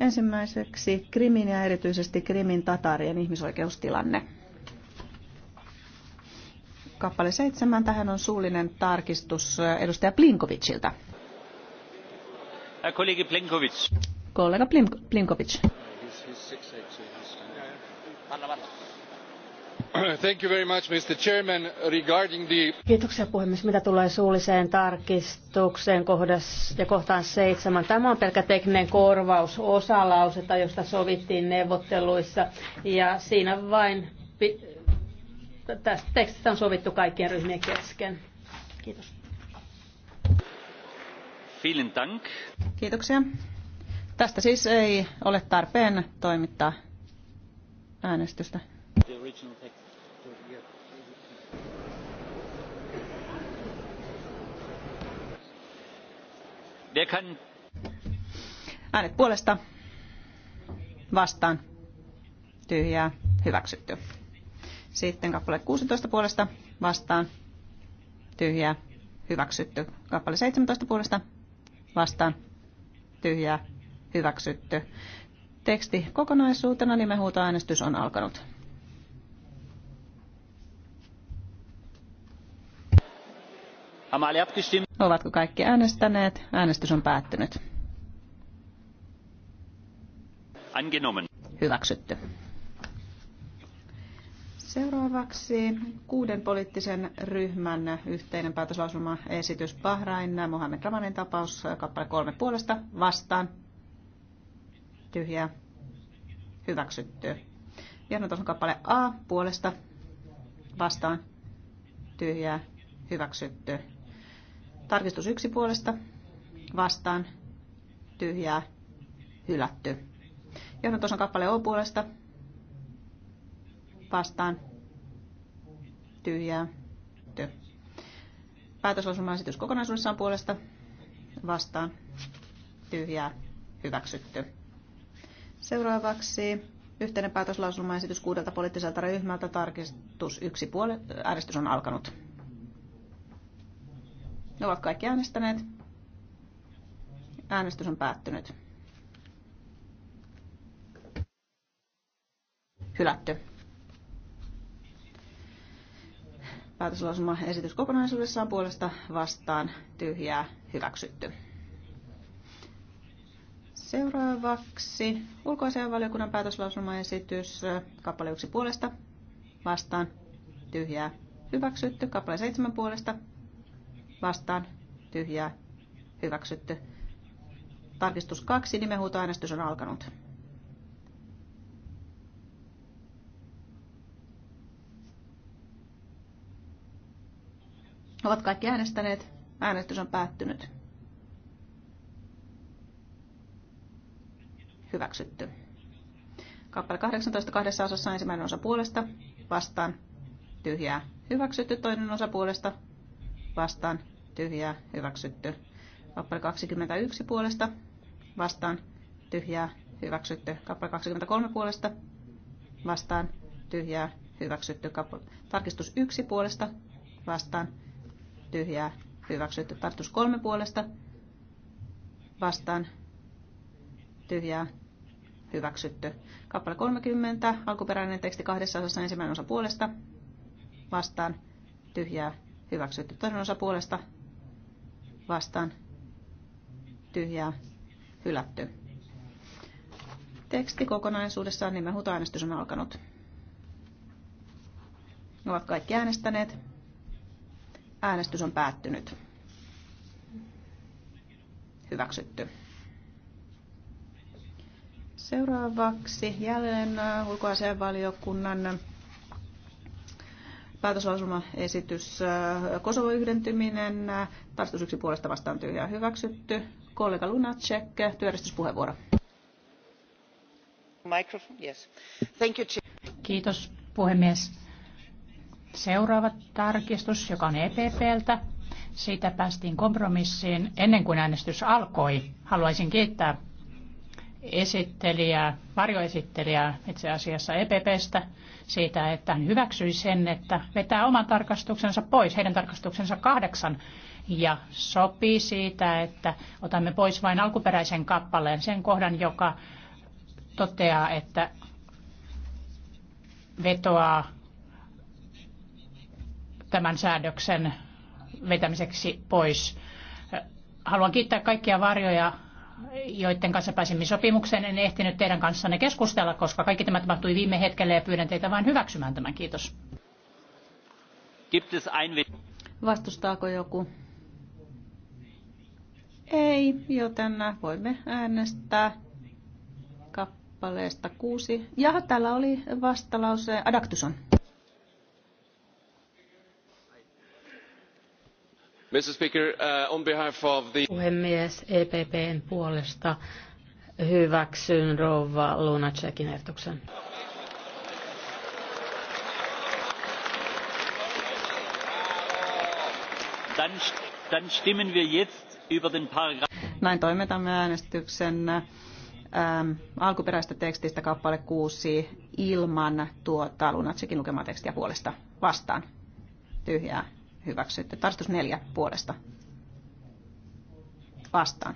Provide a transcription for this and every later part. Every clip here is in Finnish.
Ensimmäiseksi Krimin ja erityisesti Krimin tatarien ihmisoikeustilanne. Kappale seitsemän. Tähän on suullinen tarkistus edustaja Plinkovicilta. Kollega Plinkovic. Kollega Plinkovic. Kiitoksia puhemies. Mitä tulee suulliseen tarkistukseen kohtaan seitsemän? Tämä on pelkkä tekninen korvaus osalausetta, josta sovittiin neuvotteluissa. Ja siinä vain tästä tekstistä on sovittu kaikkien ryhmien kesken. Kiitos. Dank. Kiitoksia. Tästä siis ei ole tarpeen toimittaa äänestystä. The original text. Äänet puolesta vastaan tyhjää hyväksytty. Sitten kappale 16 puolesta vastaan tyhjää hyväksytty. Kappale 17 puolesta vastaan tyhjää hyväksytty. Teksti kokonaisuutena nimenhuutoäänestys on alkanut. Ovatko kaikki äänestäneet? Äänestys on päättynyt. Angenommen. Hyväksytty. Seuraavaksi kuuden poliittisen ryhmän yhteinen päätöslausuma esitys Bahrain, Mohamed Ramanin tapaus, kappale kolme puolesta, vastaan, tyhjä hyväksytty. Johdantason kappale A puolesta, vastaan, tyhjä hyväksytty. Tarkistus yksi puolesta vastaan tyhjää hylätty. on kappale O puolesta vastaan tyhjää ty. esitys kokonaisuudessaan puolesta vastaan tyhjää hyväksytty. Seuraavaksi yhteinen esitys kuudelta poliittiselta ryhmältä tarkistus yksi puolesta. äänestys on alkanut. Ne ovat kaikki äänestäneet. Äänestys on päättynyt. Hylätty. Päätöslausuma esitys kokonaisuudessaan puolesta vastaan tyhjää hyväksytty. Seuraavaksi ulkoasianvaliokunnan päätöslausumaesitys kappale 1 puolesta vastaan tyhjää hyväksytty, kappale 7 puolesta vastaan tyhjää hyväksytty. Tarkistus 2, nimenhuutoäänestys on alkanut. Ovat kaikki äänestäneet. Äänestys on päättynyt. Hyväksytty. Kappale 18 kahdessa osassa ensimmäinen osa puolesta vastaan tyhjää. Hyväksytty toinen osa puolesta vastaan tyhjää, hyväksytty. Kappale 21 puolesta, vastaan, tyhjää, hyväksytty. Kappale 23 puolesta, vastaan, tyhjää, hyväksytty. Kappale, tarkistus 1 puolesta, vastaan, tyhjää, hyväksytty. Tarkistus 3 puolesta, vastaan, tyhjää, hyväksytty. Kappale 30, alkuperäinen teksti kahdessa osassa ensimmäinen osa puolesta, vastaan, tyhjää, hyväksytty. Toinen osa puolesta, vastaan tyhjää hylätty. Teksti kokonaisuudessaan niin äänestys on alkanut. Ne ovat kaikki äänestäneet. Äänestys on päättynyt. Hyväksytty. Seuraavaksi jälleen ulkoasianvaliokunnan Päätöslausumaesitys äh, Kosovo yhdentyminen, äh, tarkistus yksi puolesta vastaan tyhjää hyväksytty. Kollega Lunacek, äh, työjärjestyspuheenvuoro. Kiitos puhemies. Seuraava tarkistus, joka on EPPltä. Siitä päästiin kompromissiin ennen kuin äänestys alkoi. Haluaisin kiittää esittelijää, varjoesittelijää itse asiassa EPPstä siitä, että hän hyväksyi sen, että vetää oman tarkastuksensa pois, heidän tarkastuksensa kahdeksan, ja sopii siitä, että otamme pois vain alkuperäisen kappaleen, sen kohdan, joka toteaa, että vetoaa tämän säädöksen vetämiseksi pois. Haluan kiittää kaikkia varjoja joiden kanssa pääsimme sopimukseen. En ehtinyt teidän kanssanne keskustella, koska kaikki tämä tapahtui viime hetkellä ja pyydän teitä vain hyväksymään tämän. Kiitos. Vastustaako joku? Ei, joten voimme äänestää kappaleesta kuusi. Ja täällä oli vastalause Adaktuson. Uh, Puhemies, EPPn puolesta hyväksyn rouva Lunacekin ehdotuksen. Näin toimitamme äänestyksen ähm, alkuperäistä tekstistä kappale 6 ilman tuota Lunacekin lukemaa tekstiä puolesta vastaan. Tyhjää hyväksytty. Tarkistus neljä puolesta vastaan.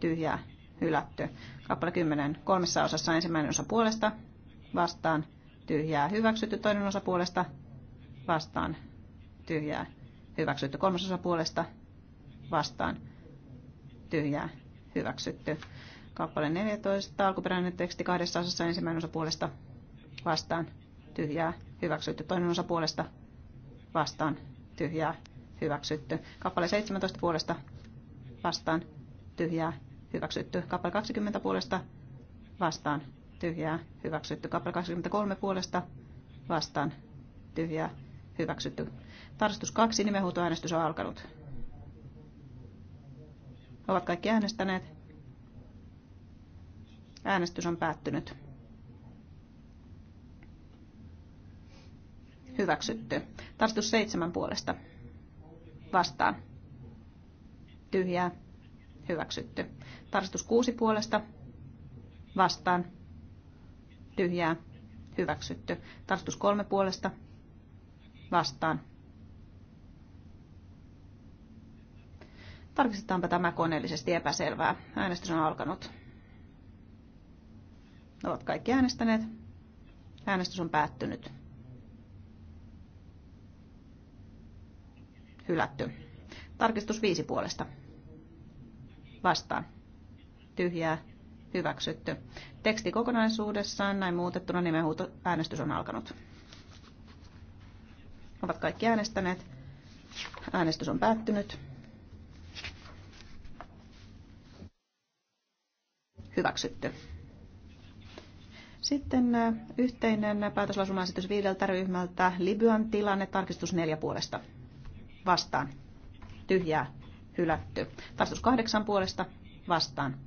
Tyhjää hylätty. Kappale 10 kolmessa osassa ensimmäinen osa puolesta vastaan. Tyhjää hyväksytty. Toinen osa puolesta vastaan. Tyhjää hyväksytty. Kolmas osa puolesta vastaan. Tyhjää hyväksytty. Kappale 14, alkuperäinen teksti kahdessa osassa ensimmäinen osa puolesta vastaan. Tyhjää hyväksytty. Toinen osa puolesta vastaan vastaan tyhjää hyväksytty. Kappale 17 puolesta vastaan tyhjää hyväksytty. Kappale 20 puolesta vastaan tyhjää hyväksytty. Kappale 23 puolesta vastaan tyhjää hyväksytty. Tarkistus 2 nimenhuutoäänestys on alkanut. Ovat kaikki äänestäneet. Äänestys on päättynyt. Hyväksytty. Tarkastus seitsemän puolesta. Vastaan. Tyhjää. Hyväksytty. Tarkastus kuusi puolesta. Vastaan. Tyhjää. Hyväksytty. Tarkastus kolme puolesta. Vastaan. Tarkistetaanpa tämä koneellisesti epäselvää. Äänestys on alkanut. Ovat kaikki äänestäneet. Äänestys on päättynyt. Hylätty. Tarkistus viisi puolesta. Vastaan. Tyhjää. Hyväksytty. Teksti kokonaisuudessaan näin muutettuna nimenhuuto äänestys on alkanut. Ovat kaikki äänestäneet. Äänestys on päättynyt. Hyväksytty. Sitten äh, yhteinen päätöslausumaesitys viideltä ryhmältä Libyan tilanne tarkistus neljä puolesta vastaan, tyhjää, hylätty. Tarkistus kahdeksan puolesta vastaan,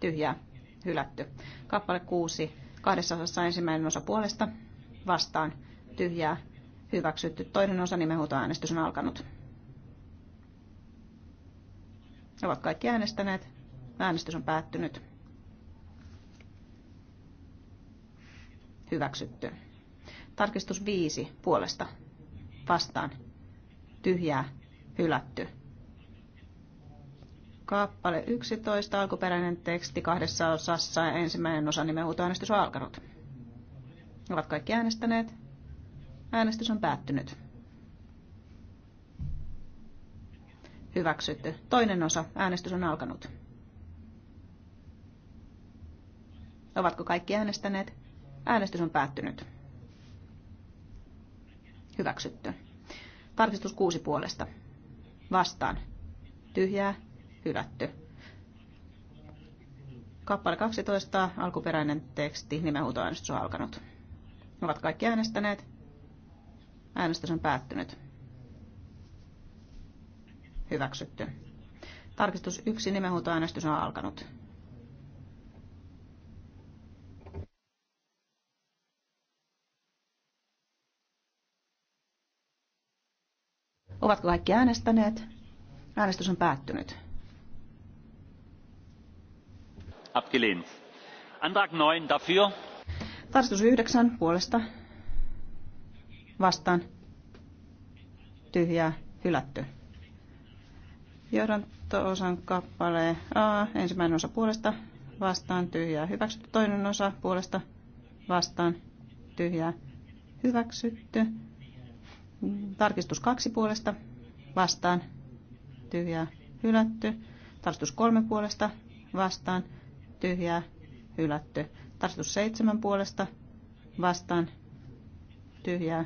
tyhjää, hylätty. Kappale kuusi, kahdessa osassa ensimmäinen osa puolesta vastaan, tyhjää, hyväksytty. Toinen osa nimenhuutoäänestys on alkanut. Ne ovat kaikki äänestäneet. Äänestys on päättynyt. Hyväksytty. Tarkistus 5 puolesta. Vastaan tyhjää hylätty. Kappale 11, alkuperäinen teksti kahdessa osassa, ja ensimmäinen osa nimenhuutoäänestys on alkanut. Ovat kaikki äänestäneet. Äänestys on päättynyt. Hyväksytty. Toinen osa. Äänestys on alkanut. Ovatko kaikki äänestäneet? Äänestys on päättynyt. Hyväksytty. Tarkistus kuusi puolesta. Vastaan. Tyhjää. Hylätty. Kappale 12, alkuperäinen teksti, nimenhuutoäänestys on alkanut. Ovat kaikki äänestäneet. Äänestys on päättynyt. Hyväksytty. Tarkistus 1, nimenhuutoäänestys on alkanut. Ovatko kaikki äänestäneet? Äänestys on päättynyt. Abgelehnt. Antrag 9 dafür. Tarkistus 9 puolesta. Vastaan. Tyhjää. Hylätty. Johdanto-osan kappale A. Ensimmäinen osa puolesta. Vastaan. Tyhjää. Hyväksytty. Toinen osa puolesta. Vastaan. Tyhjää. Hyväksytty Tarkistus kaksi puolesta vastaan tyhjää hylätty. Tarkistus kolme puolesta vastaan tyhjää hylätty. Tarkistus seitsemän puolesta vastaan tyhjää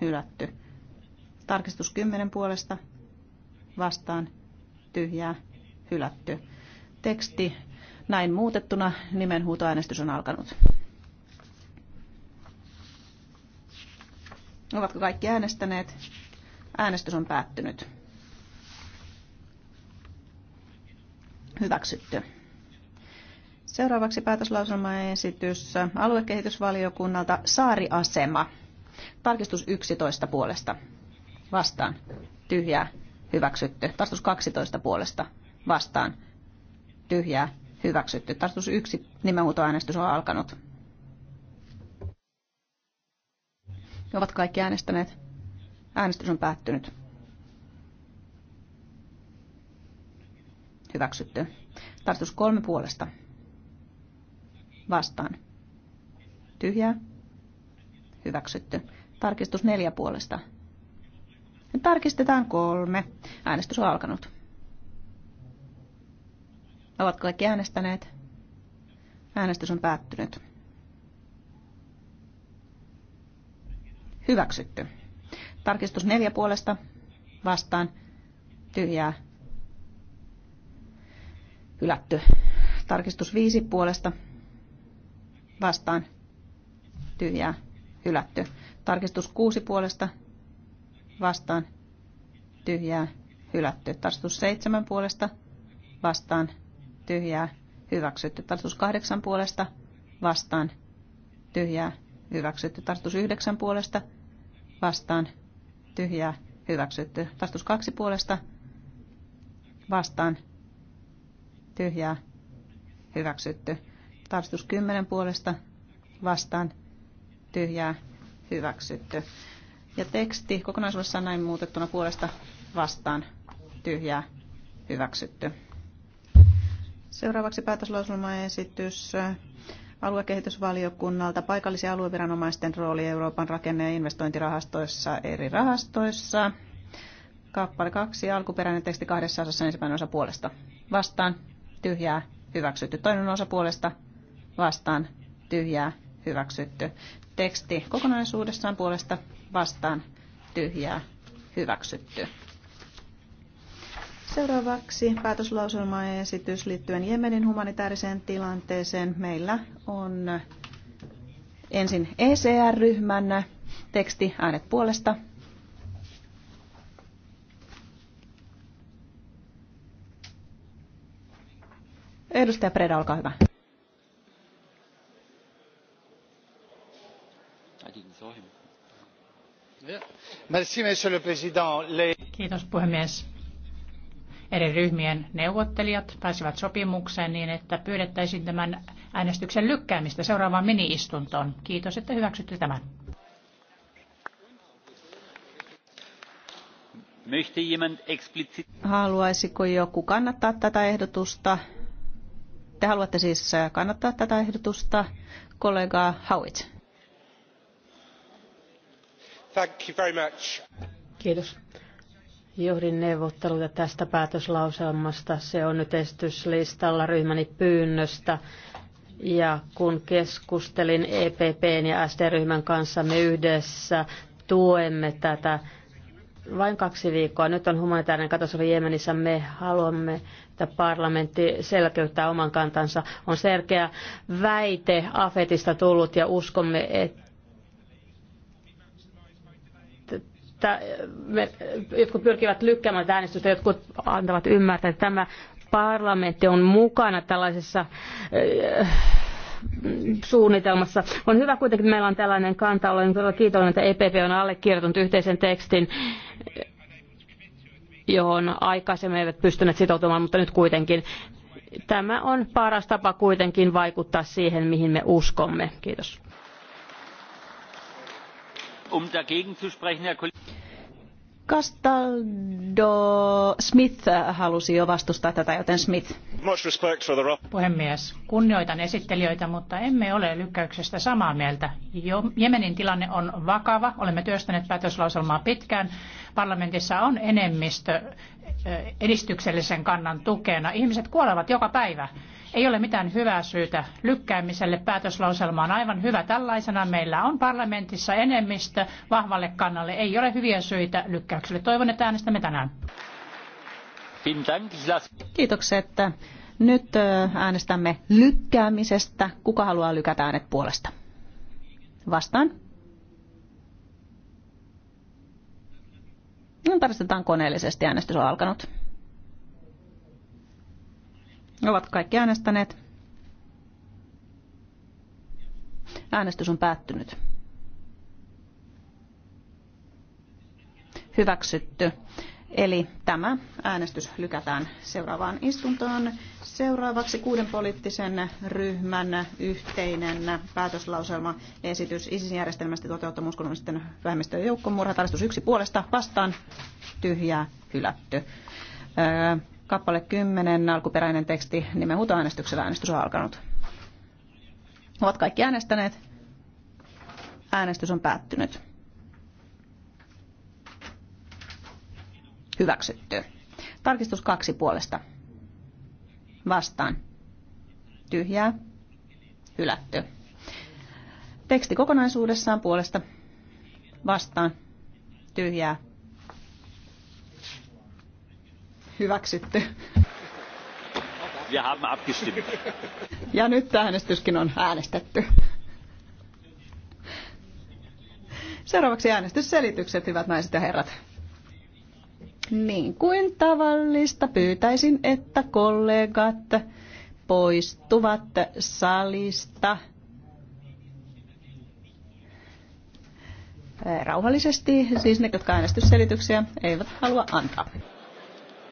hylätty. Tarkistus kymmenen puolesta vastaan tyhjää hylätty. Teksti näin muutettuna nimenhuutoäänestys on alkanut. Ovatko kaikki äänestäneet? Äänestys on päättynyt. Hyväksytty. Seuraavaksi päätöslauselmaesitys aluekehitysvaliokunnalta Saariasema. Tarkistus 11 puolesta. Vastaan. Tyhjää. Hyväksytty. Tarkistus 12 puolesta. Vastaan. Tyhjää. Hyväksytty. Tarkistus 1. Nimenhuutoäänestys on alkanut. Ne ovat kaikki äänestäneet. Äänestys on päättynyt. Hyväksytty. Tartus kolme puolesta. Vastaan. Tyhjää. Hyväksytty. Tarkistus neljä puolesta. Tarkistetaan kolme. Äänestys on alkanut. Ovatko kaikki äänestäneet. Äänestys on päättynyt. Hyväksytty. Tarkistus neljä puolesta vastaan. Tyhjää. Hylätty. Tarkistus viisi puolesta vastaan. Tyhjää. Hylätty. Tarkistus kuusi puolesta vastaan. Tyhjää. Hylätty. Tarkistus seitsemän puolesta vastaan. Tyhjää. Hyväksytty. Tarkistus kahdeksan puolesta vastaan. Tyhjää hyväksytty. Tarkistus 9 puolesta vastaan tyhjää hyväksytty. Tarkistus 2 puolesta vastaan tyhjää hyväksytty. Tarkistus 10 puolesta vastaan tyhjää hyväksytty. Ja teksti kokonaisuudessaan näin muutettuna puolesta vastaan tyhjää hyväksytty. Seuraavaksi päätöslauselmaesitys aluekehitysvaliokunnalta paikallisia alueviranomaisten rooli Euroopan rakenne- ja investointirahastoissa eri rahastoissa. Kappale 2, alkuperäinen teksti kahdessa osassa ensimmäinen osa puolesta. Vastaan, tyhjää, hyväksytty. Toinen osa puolesta, vastaan, tyhjää, hyväksytty. Teksti kokonaisuudessaan puolesta, vastaan, tyhjää, hyväksytty. Seuraavaksi päätöslauselmaesitys liittyen Jemenin humanitaariseen tilanteeseen. Meillä on ensin ECR-ryhmän teksti äänet puolesta. Edustaja Preda, olkaa hyvä. Kiitos puhemies eri ryhmien neuvottelijat pääsivät sopimukseen niin, että pyydettäisiin tämän äänestyksen lykkäämistä seuraavaan miniistuntoon. Kiitos, että hyväksytte tämän. Haluaisiko joku kannattaa tätä ehdotusta? Te haluatte siis äh, kannattaa tätä ehdotusta, kollega Howitz. Thank you very much. Kiitos. Johdin neuvotteluja tästä päätöslauselmasta. Se on nyt esityslistalla ryhmäni pyynnöstä. Ja kun keskustelin EPPn ja SD-ryhmän kanssa, me yhdessä tuemme tätä vain kaksi viikkoa. Nyt on humanitaarinen katastrofi Jemenissä. Me haluamme, että parlamentti selkeyttää oman kantansa. On selkeä väite Afetista tullut ja uskomme, että että me, jotkut pyrkivät lykkäämään äänestystä, jotkut antavat ymmärtää, että tämä parlamentti on mukana tällaisessa eh, suunnitelmassa. On hyvä kuitenkin, että meillä on tällainen kanta. Olen todella kiitollinen, että EPP on allekirjoittanut yhteisen tekstin, johon aikaisemmin eivät pystyneet sitoutumaan, mutta nyt kuitenkin. Tämä on paras tapa kuitenkin vaikuttaa siihen, mihin me uskomme. Kiitos. Um Castaldo Smith halusi jo vastustaa tätä, joten Smith. Puhemies, kunnioitan esittelijöitä, mutta emme ole lykkäyksestä samaa mieltä. Jo, Jemenin tilanne on vakava. Olemme työstäneet päätöslauselmaa pitkään. Parlamentissa on enemmistö edistyksellisen kannan tukena. Ihmiset kuolevat joka päivä. Ei ole mitään hyvää syytä lykkäämiselle. Päätöslauselma on aivan hyvä tällaisena. Meillä on parlamentissa enemmistö vahvalle kannalle. Ei ole hyviä syitä lykkäykselle. Toivon, että äänestämme tänään. Kiitokset. Nyt äänestämme lykkäämisestä. Kuka haluaa lykätä äänet puolesta? Vastaan. No, tarkistetaan koneellisesti. Äänestys on alkanut. Ovat kaikki äänestäneet. Äänestys on päättynyt. Hyväksytty. Eli tämä äänestys lykätään seuraavaan istuntoon. Seuraavaksi kuuden poliittisen ryhmän yhteinen päätöslauselma esitys ISISin järjestelmästä toteuttaa uskonnollisten vähemmistöjen joukkomurha. Tarkistus yksi puolesta vastaan tyhjää hylätty. Kappale 10, alkuperäinen teksti, nimen huutoäänestyksellä äänestys on alkanut. Ovat kaikki äänestäneet. Äänestys on päättynyt. Hyväksytty. Tarkistus kaksi puolesta. Vastaan. Tyhjää. Hylätty. Teksti kokonaisuudessaan puolesta. Vastaan. Tyhjää hyväksytty. Ja nyt äänestyskin on äänestetty. Seuraavaksi äänestysselitykset, hyvät naiset ja herrat. Niin kuin tavallista pyytäisin, että kollegat poistuvat salista rauhallisesti, siis ne, jotka äänestysselityksiä eivät halua antaa.